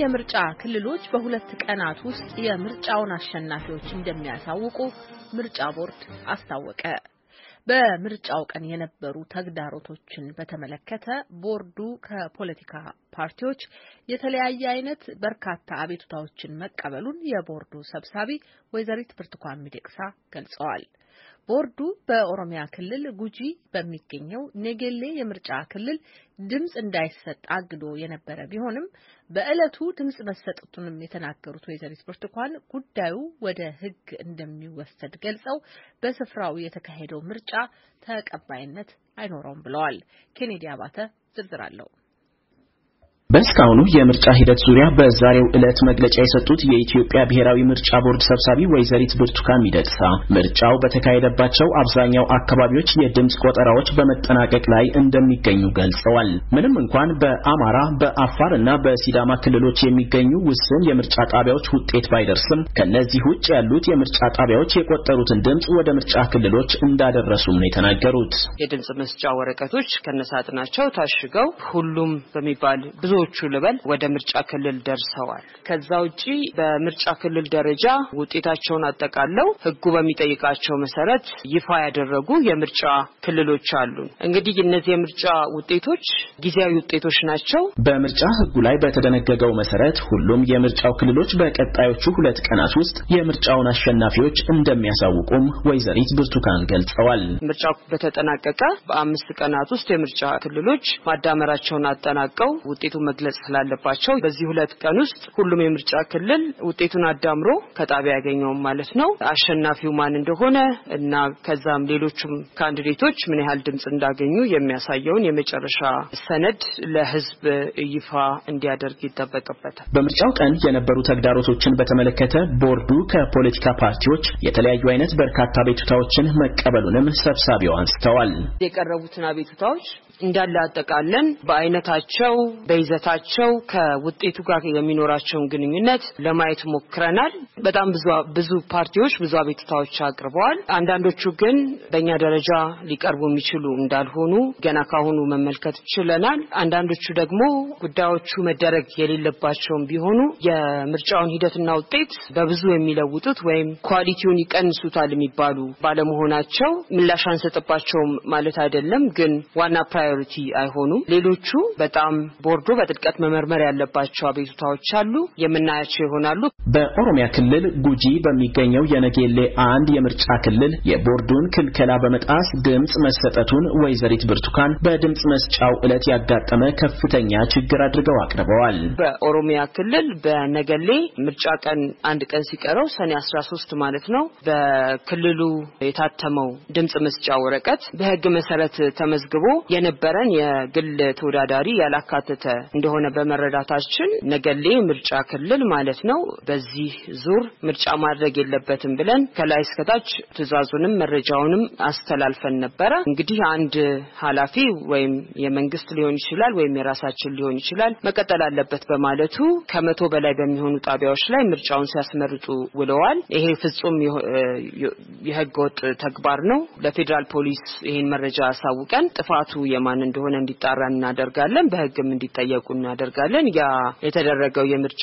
የምርጫ ክልሎች በሁለት ቀናት ውስጥ የምርጫውን አሸናፊዎች እንደሚያሳውቁ ምርጫ ቦርድ አስታወቀ። በምርጫው ቀን የነበሩ ተግዳሮቶችን በተመለከተ ቦርዱ ከፖለቲካ ፓርቲዎች የተለያየ አይነት በርካታ አቤቱታዎችን መቀበሉን የቦርዱ ሰብሳቢ ወይዘሪት ብርቱካን ሚደቅሳ ገልጸዋል። ቦርዱ በኦሮሚያ ክልል ጉጂ በሚገኘው ኔጌሌ የምርጫ ክልል ድምፅ እንዳይሰጥ አግዶ የነበረ ቢሆንም በዕለቱ ድምፅ መሰጠቱንም የተናገሩት ወይዘሪት ብርቱካን ጉዳዩ ወደ ሕግ እንደሚወሰድ ገልጸው በስፍራው የተካሄደው ምርጫ ተቀባይነት አይኖረውም ብለዋል። ኬኔዲ አባተ ዝርዝር አለው። በእስካሁኑ የምርጫ ሂደት ዙሪያ በዛሬው ዕለት መግለጫ የሰጡት የኢትዮጵያ ብሔራዊ ምርጫ ቦርድ ሰብሳቢ ወይዘሪት ብርቱካን ሚደቅሳ ምርጫው በተካሄደባቸው አብዛኛው አካባቢዎች የድምፅ ቆጠራዎች በመጠናቀቅ ላይ እንደሚገኙ ገልጸዋል። ምንም እንኳን በአማራ፣ በአፋር እና በሲዳማ ክልሎች የሚገኙ ውስን የምርጫ ጣቢያዎች ውጤት ባይደርስም ከእነዚህ ውጭ ያሉት የምርጫ ጣቢያዎች የቆጠሩትን ድምፅ ወደ ምርጫ ክልሎች እንዳደረሱም ነው የተናገሩት። የድምፅ መስጫ ወረቀቶች ከነሳጥናቸው ታሽገው ሁሉም በሚባል ብዙ ብዙዎቹ ልበል ወደ ምርጫ ክልል ደርሰዋል። ከዛ ውጪ በምርጫ ክልል ደረጃ ውጤታቸውን አጠቃለው ህጉ በሚጠይቃቸው መሰረት ይፋ ያደረጉ የምርጫ ክልሎች አሉ። እንግዲህ እነዚህ የምርጫ ውጤቶች ጊዜያዊ ውጤቶች ናቸው። በምርጫ ህጉ ላይ በተደነገገው መሰረት ሁሉም የምርጫው ክልሎች በቀጣዮቹ ሁለት ቀናት ውስጥ የምርጫውን አሸናፊዎች እንደሚያሳውቁም ወይዘሪት ብርቱካን ገልጸዋል። ምርጫው በተጠናቀቀ በአምስት ቀናት ውስጥ የምርጫ ክልሎች ማዳመራቸውን አጠናቀው ውጤቱን መግለጽ ስላለባቸው በዚህ ሁለት ቀን ውስጥ ሁሉም የምርጫ ክልል ውጤቱን አዳምሮ ከጣቢያ ያገኘውም ማለት ነው አሸናፊው ማን እንደሆነ እና ከዛም ሌሎቹም ካንዲዴቶች ምን ያህል ድምጽ እንዳገኙ የሚያሳየውን የመጨረሻ ሰነድ ለህዝብ ይፋ እንዲያደርግ ይጠበቅበታል። በምርጫው ቀን የነበሩ ተግዳሮቶችን በተመለከተ ቦርዱ ከፖለቲካ ፓርቲዎች የተለያዩ አይነት በርካታ ቤቱታዎችን መቀበሉንም ሰብሳቢው አንስተዋል። የቀረቡትን አቤቱታዎች እንዳለ አጠቃለን በአይነታቸው በይዘታቸው ከውጤቱ ጋር የሚኖራቸውን ግንኙነት ለማየት ሞክረናል። በጣም ብዙ ብዙ ፓርቲዎች ብዙ አቤትታዎች አቅርበዋል። አንዳንዶቹ ግን በእኛ ደረጃ ሊቀርቡ የሚችሉ እንዳልሆኑ ገና ካሁኑ መመልከት ችለናል። አንዳንዶቹ ደግሞ ጉዳዮቹ መደረግ የሌለባቸውም ቢሆኑ የምርጫውን ሂደትና ውጤት በብዙ የሚለውጡት ወይም ኳሊቲውን ይቀንሱታል የሚባሉ ባለመሆናቸው ምላሽ አንሰጥባቸውም ማለት አይደለም ግን ዋና ፕራዮሪቲ አይሆኑም። ሌሎቹ በጣም ቦርዶ በጥልቀት መመርመር ያለባቸው አቤቱታዎች አሉ፣ የምናያቸው ይሆናሉ። በኦሮሚያ ክልል ጉጂ በሚገኘው የነጌሌ አንድ የምርጫ ክልል የቦርዱን ክልከላ በመጣስ ድምፅ መሰጠቱን ወይዘሪት ብርቱካን በድምፅ መስጫው ዕለት ያጋጠመ ከፍተኛ ችግር አድርገው አቅርበዋል። በኦሮሚያ ክልል በነገሌ ምርጫ ቀን አንድ ቀን ሲቀረው ሰኔ አስራ ሶስት ማለት ነው በክልሉ የታተመው ድምፅ መስጫ ወረቀት በህግ መሰረት ተመዝግቦ የነ የነበረን የግል ተወዳዳሪ ያላካተተ እንደሆነ በመረዳታችን ነገሌ ምርጫ ክልል ማለት ነው በዚህ ዙር ምርጫ ማድረግ የለበትም ብለን ከላይ እስከታች ትዛዙንም መረጃውንም አስተላልፈን ነበረ። እንግዲህ አንድ ሀላፊ ወይም የመንግስት ሊሆን ይችላል ወይም የራሳችን ሊሆን ይችላል መቀጠል አለበት በማለቱ ከመቶ በላይ በሚሆኑ ጣቢያዎች ላይ ምርጫውን ሲያስመርጡ ውለዋል። ይሄ ፍጹም የህገወጥ ተግባር ነው። ለፌዴራል ፖሊስ ይህን መረጃ አሳውቀን ጥፋቱ ማን እንደሆነ እንዲጣራ እናደርጋለን። በህግም እንዲጠየቁ እናደርጋለን። ያ የተደረገው የምርጫ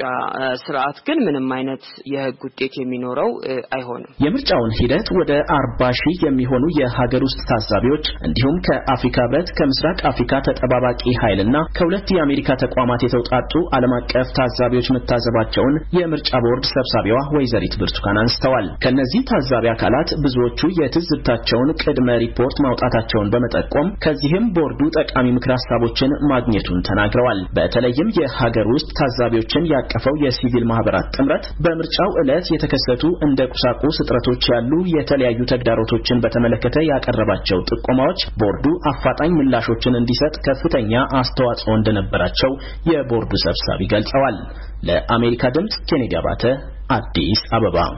ስርዓት ግን ምንም አይነት የህግ ውጤት የሚኖረው አይሆንም። የምርጫውን ሂደት ወደ አርባ ሺህ የሚሆኑ የሀገር ውስጥ ታዛቢዎች እንዲሁም ከአፍሪካ ህብረት፣ ከምስራቅ አፍሪካ ተጠባባቂ ኃይልና ከሁለት የአሜሪካ ተቋማት የተውጣጡ ዓለም አቀፍ ታዛቢዎች መታዘባቸውን የምርጫ ቦርድ ሰብሳቢዋ ወይዘሪት ብርቱካን አንስተዋል። ከእነዚህ ታዛቢ አካላት ብዙዎቹ የትዝብታቸውን ቅድመ ሪፖርት ማውጣታቸውን በመጠቆም ከዚህም ቦ ከቦርዱ ጠቃሚ ምክር ሀሳቦችን ማግኘቱን ተናግረዋል። በተለይም የሀገር ውስጥ ታዛቢዎችን ያቀፈው የሲቪል ማህበራት ጥምረት በምርጫው ዕለት የተከሰቱ እንደ ቁሳቁስ እጥረቶች ያሉ የተለያዩ ተግዳሮቶችን በተመለከተ ያቀረባቸው ጥቆማዎች ቦርዱ አፋጣኝ ምላሾችን እንዲሰጥ ከፍተኛ አስተዋጽኦ እንደነበራቸው የቦርዱ ሰብሳቢ ገልጸዋል። ለአሜሪካ ድምፅ ኬኔዲ አባተ አዲስ አበባ